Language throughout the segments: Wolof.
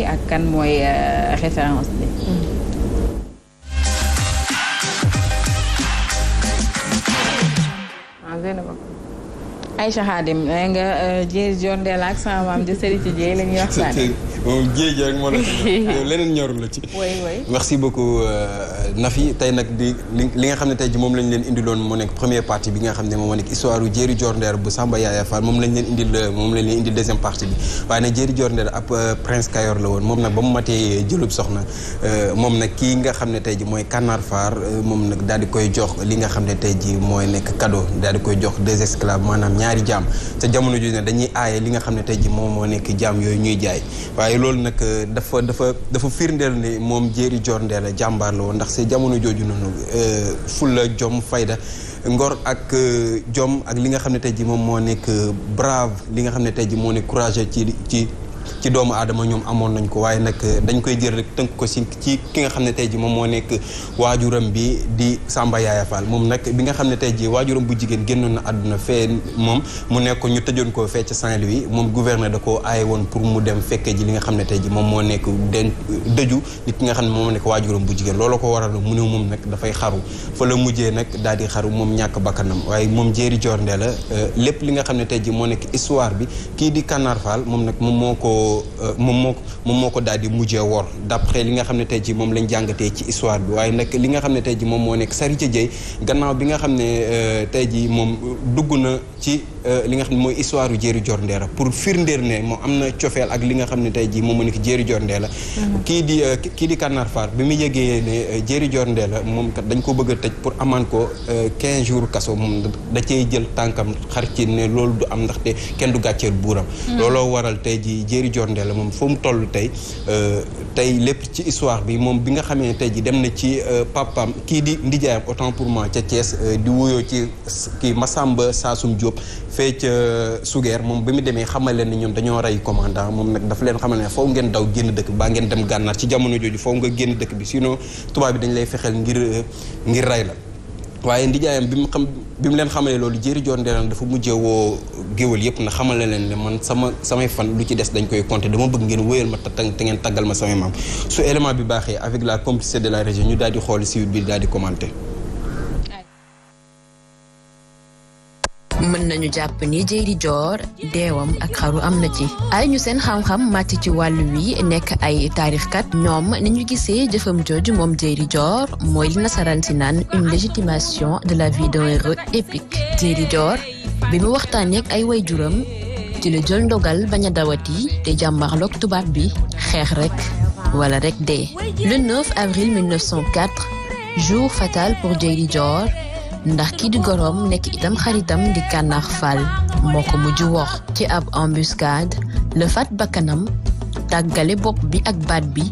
yi ak kan mooy euh, référence bi. ah Zeynaba Aïcha Khadim nga euh, jéeg jondeel ak sama maam di sëri ci jéeg la moom jéeg la leneen ñoru la ci oui oui merci beaucoup euh, Nafi tey nag di li nga xam ne tey ji moom lañ leen indiloon mu nekk première partie bi nga xam ne moom moo nekk histoire u moom lañ leen indil euh, moom lañ leen indil deuxième partie bi waaye nag jéeri jondeer ab prince Kayor la woon moom nag ba mu matee jëlub soxna moom nag kii nga xam ne tey ji mooy Kanar Faar moom nag daal di koy jox li nga xam ne tey ji mooy nekk kado daal di koy jox deux esclaves maanaam ñaari jaam te jamono ju ne dañuy aaye li nga xam ne tey ji moom moo nekk jaam yooyu ñuy jaay waaye loolu nag euh, dafa dafa dafa firndeel ne moom jéeri jorndee la jàmbaar ndax see jamono jooju noonu euh, fulla jom fayda ngor ak euh, jom ak li nga xam ne tey ji moom moo nekk brave li nga xam ne tey ji moo nekk courage ci ci doomu aadama ñoom amoon nañ ko waaye nag eh, dañ koy jël rek tënk ko si ci ki nga xam ne tey ji moom moo nekk waajuram bi di Samba Yaaya Fall moom nag bi nga xam ne tey ji waajuram bu jigéen génnoon na àdduna fee moom mu nekk ñu tëjoon koo fee ca saint moom gouverneur da koo aaye woon pour mu dem fekkee ji li nga xam ne tey ji moom moo nekk den dëju nit ki nga xam ne moom moo nekk waajuram bu jigéen loolu ko waral mu ne moom nag dafay xaru fa la mujjee nag daal di xaru moom ñàkk bakkanam waaye moom jéeri jor ndee la eh, lépp li nga xam ne tey ji moo nekk histoire bi kii di Kanar moom nag moom moo ko ko euh, moom moo moom moo ko daal di mujjee wor d'après li xam ne tey ji moom lañ jàngatee ci histoire bi waaye nag li nga xam ne tey ji moom moo nekk Sarité Dieye gannaaw bi nga xam ne euh, tey ji moom dugg na ci euh, li nga xam mooy histoire yu Jéeri Joor Ndeela pour firndéer ne moom am na cofeel ak li nga xam ne tey ji moom moo nekk Jéeri Joor Ndeela mm-hmm. kii di kii di Kànnaar Faar bi mu yëgee ne Jéeri Joor la moom kat dañ ko bëgg a tëj pour amaan ko 15 jours kaso moom da cey jël tànkam xar ci ne loolu du am ndaxte kenn du gàcceel buuram mm-hmm. looloo waral tey ji Jéeri Louis Dior Ndella moom fa tollu toll tey euh, tey lépp ci histoire bi moom bi nga xamee ne tey ji dem na ci euh, papam kii di ndijaayam autant pour moi ca Thiès euh, di wuyoo ci kii saa sum Diop fee ca Sugeer moom ba mu demee xamal leen ñoom dañoo rey commandant moom nag dafa leen xamal ne foofu ngeen daw génn dëkk bi baa ngeen dem gànnaar ci jamono jooju foofu nga génn dëkk bi sino tubaab bi dañ lay fexeel ngir ngir rey la waaye ndijaayam bi mu xam bi mu leen xamalee loolu jëri joor ndeelaan dafa mujjee woo géwél yëpp na xamal xamale leen ne man sama samay fan lu ci des dañ koy compter dama bëgg ngeen wéyal ma tatang te ngeen taggal ma samay maam su élément bi baaxee avec la complicité de la région ñu daal di xool si bi daal di commenter mën nañu jàpp ni Dieydi Dior deewam ak xaru am na ci ay ñu seen xamxam xam ci wàllu wi nekk ay taarixkat ñoom ni ñu gisee jëfam jooju moom Dieydi Dior mooy li nasaraan si naan une légitimation de la vie d'un héros épique Dieydi Dior bi mu waxtaan ak ay way waajuram ci la jël ndogal bañ a dawati te jàmbaarloog tubaab bi xeex rek wala rek dee. le 9 avril jour fatal pour Dieydi joor ndax kii di goroom nekk itam xaritam di kànnaax Fall moo ko mujj wax ci ab embuscade la bakkanam tàggale bopp bi ak baat bi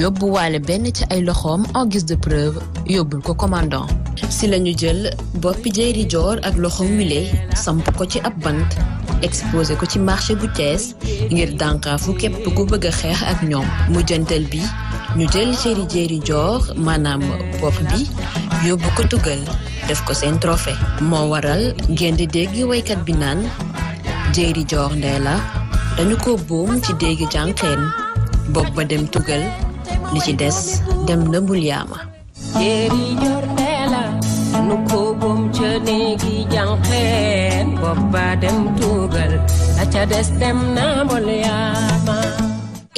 yóbbuwaale benn ci ay loxoom en guise de preuve yóbbul ko commandant si lañu jël boppi Diéry Dior ak loxoom wile samp ko ci ab bant exposé ko ci marché bu Thiès ngir dànkaafu képp ku bëgg a xeex ak ñoom mujjantal bi ñu jël cëri Diéry Dior maanaam bopp bi yóbbu ko tugal def ko seen trophée moo waral ngeen di dégg woykat bi naan jéeri joor la dañu ko boom ci dégg jànqeen bopp dem tugal li ci des dem na mbul yaama la ca des dem na yaama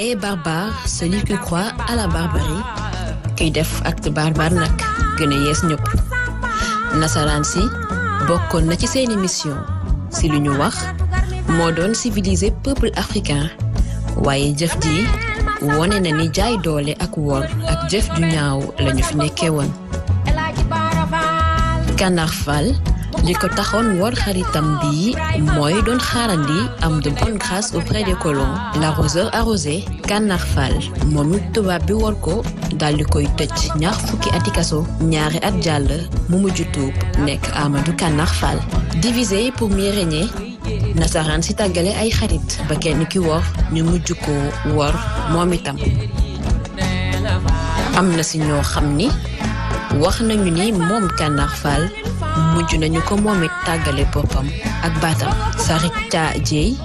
et eh, barbare celui qui croit à la barbarie def ak barbare nag gën yees ñëpp nasaraan si bokkoon na ci seeni mission si lu ñu wax moo doon civiliser peuple africain waaye jëf ji wone na ni jaay doole ak wor ak jëf ju ñaaw lañu fi nekkee woon. Kànnaar li ko taxoon woon xaritam bi mooy doon xaarandi am de bonne grâce auprès des colons l'arroseur arrosé Kanar Fall moom it tubaab bi war ko dal di koy tëj ñaar fukki ati ñaari at jàll mu mujj tuub nekk Amadou Kanar Fall divisé pour mieux nasaraan si tàggale ay xarit ba kenn ki wor ñu mujj ko wor moom itam am na si ñoo xam ni wax nañu ni moom Kanar Fall mujj nañu ko moom it tàggale boppam ak baatam Sarita Dieye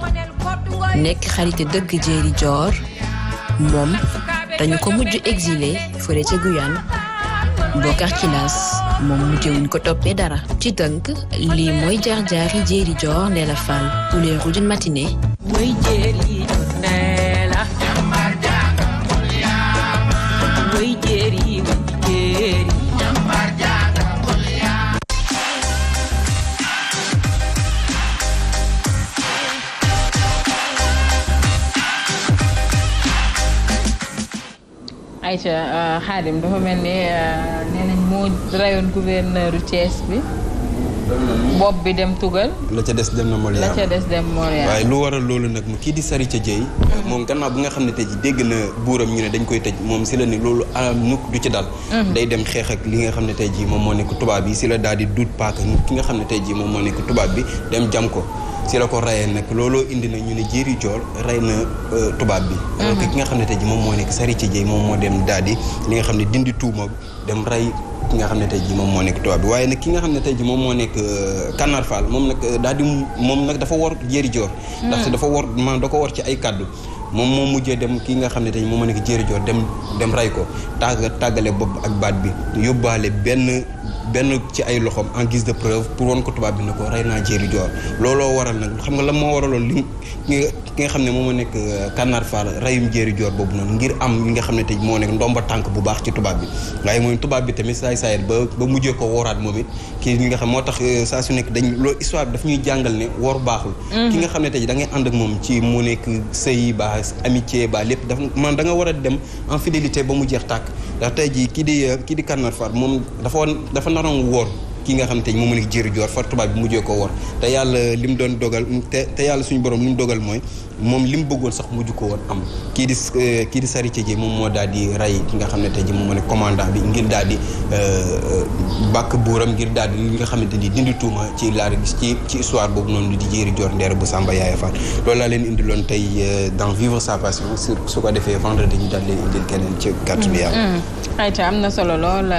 nekk xarite dëgg Diéry joor moom dañu ko mujj exilé fële ca Guyane Bokar Kilaas moom mujjewuñ ko toppee dara ci tënk lii mooy jaar-jaari Diéry joor Ndella Fall tous les jours d'une mooy Diéry Aïcha Xaadim euh, dafa mel ni euh, nee nañ moo rayoon gouverneur Thiès bi bopp bi dem tugal la ca des dem na Molière la ca des dem lu waral loolu nag mu kii di sari ca jëy moom gannaaw bi nga xam ne tey ji dégg na buuram ñu ne dañ koy tëj moom si la ne loolu am nuk du ci dal mhm. day dem xeex ak li nga xam ne tey ji moom moo nekk tubaab bi si la daal di duut paaka ki nga xam ne tey ji moom moo nekk tubaab bi dem jam ko si la ko rayee nag looloo indi na ñu ne jéeri jool rey na euh, tubaab bi mhm. alors que ki nga xam ne tey ji moom moo nekk sari ci jëy moom moo dem daal di li xam ne dindi tuuma dem rey ki nga xam ne tey ji moom moo nekk tubaab bi waaye nag ki nga xam ne tey ji moom moo nekk Kanar euh, Fall moom nag euh, daal di moom nag dafa wor jéeri joor mhm. ndaxte dafa war man da ko war ci ay kaddu moom moo mujjee dem ki nga xam ne tey moom ma nekk jéeri joor dem dem ray ko tàgg tàggale bopp ak baat bi yóbbaale benn benn ci ay loxoom en guise pour won ko tubaab bi ko rey naa jéeri joor looloo waral nag xam nga lan moo waraloon li ki nga xam ne moo ma nekk euh, kànnaar faal reyum jéeri joor boobu noonu ngir am li nga xam ne tey moo nekk ndomba tànk bu baax ci tubaab bi waaye mooy tubaab bi tamit saay saay ba ba mujjee ko wooraat moom it kii nga xam moo tax euh, saa su nekk dañ loolu histoire bi daf ñuy jàngal ne woor baaxul mm-hmm. ki nga xam ne tey da ànd ak moom ci mu nekk sëy baax xaalis amitié ba lépp daf man da nga war a dem en fidélité ba mu jeex tàkk ndax te jii kii di euh, kii di Kànnar Faat moom dafa woon dafa naroon woor ki nga xam te mu mën a jiir joor far tubaab bi mujjee ko woor te yàlla li mu doon dogal te te yàlla suñu borom li mu dogal mooy moom li mu bëggoon sax mujj ko woon am kii di eh, kii di Sarité moom moo daal di ray ki nga xam ne tey ji moom moo ne commandant bi ngir daal di eh, eh, bàkk buuram ngir daal di li nga xamante ni dindi tuuma ci laa ci ci histoire boobu noonu di jéeri joor ndeer bu Samba Yaaya Fall loolu laa leen indiloon tey dans vivre sa passion sur su ko defee vendredi ñu daal leen indil keneen ci kàttanu yàlla mm, mm. ayca am na solo lool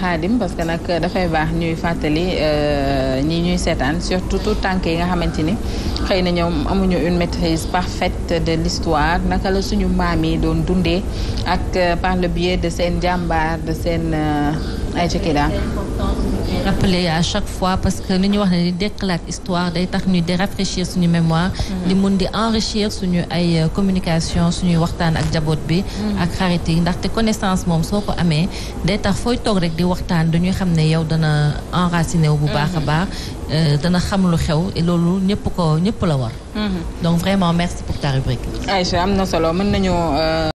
xaadim euh, parce que nag dafay baax ñuy fàttali euh, ñi ñuy seetaan surtout tout tànk yi nga xamante ni xëy na ñoom amuñu une parfaite de l'histoire naka la suñu maam yi doon dundee ak euh, par le biais de seen jàmbaar de seen euh, ay rappeler à chaque fois parce que li ñu wax ne di déclarer histoire day tax ñu di rafraîchir suñu mémoire di mm-hmm. mun di enrichir suñu ay euh, communication suñuy waxtaan ak jaboot bi mm-hmm. ak xarit yi ndaxte connaissance moom soo ko amee day tax fooy toog rek di waxtaan dañuy xam ne yow dana enraciné wu bu baax a mm-hmm. baax euh, dana xam lu xew loolu ñëpp ko ñëpp la war donc vraiment merci pour ta rubrique Aïcha am na solo mën nañu euh,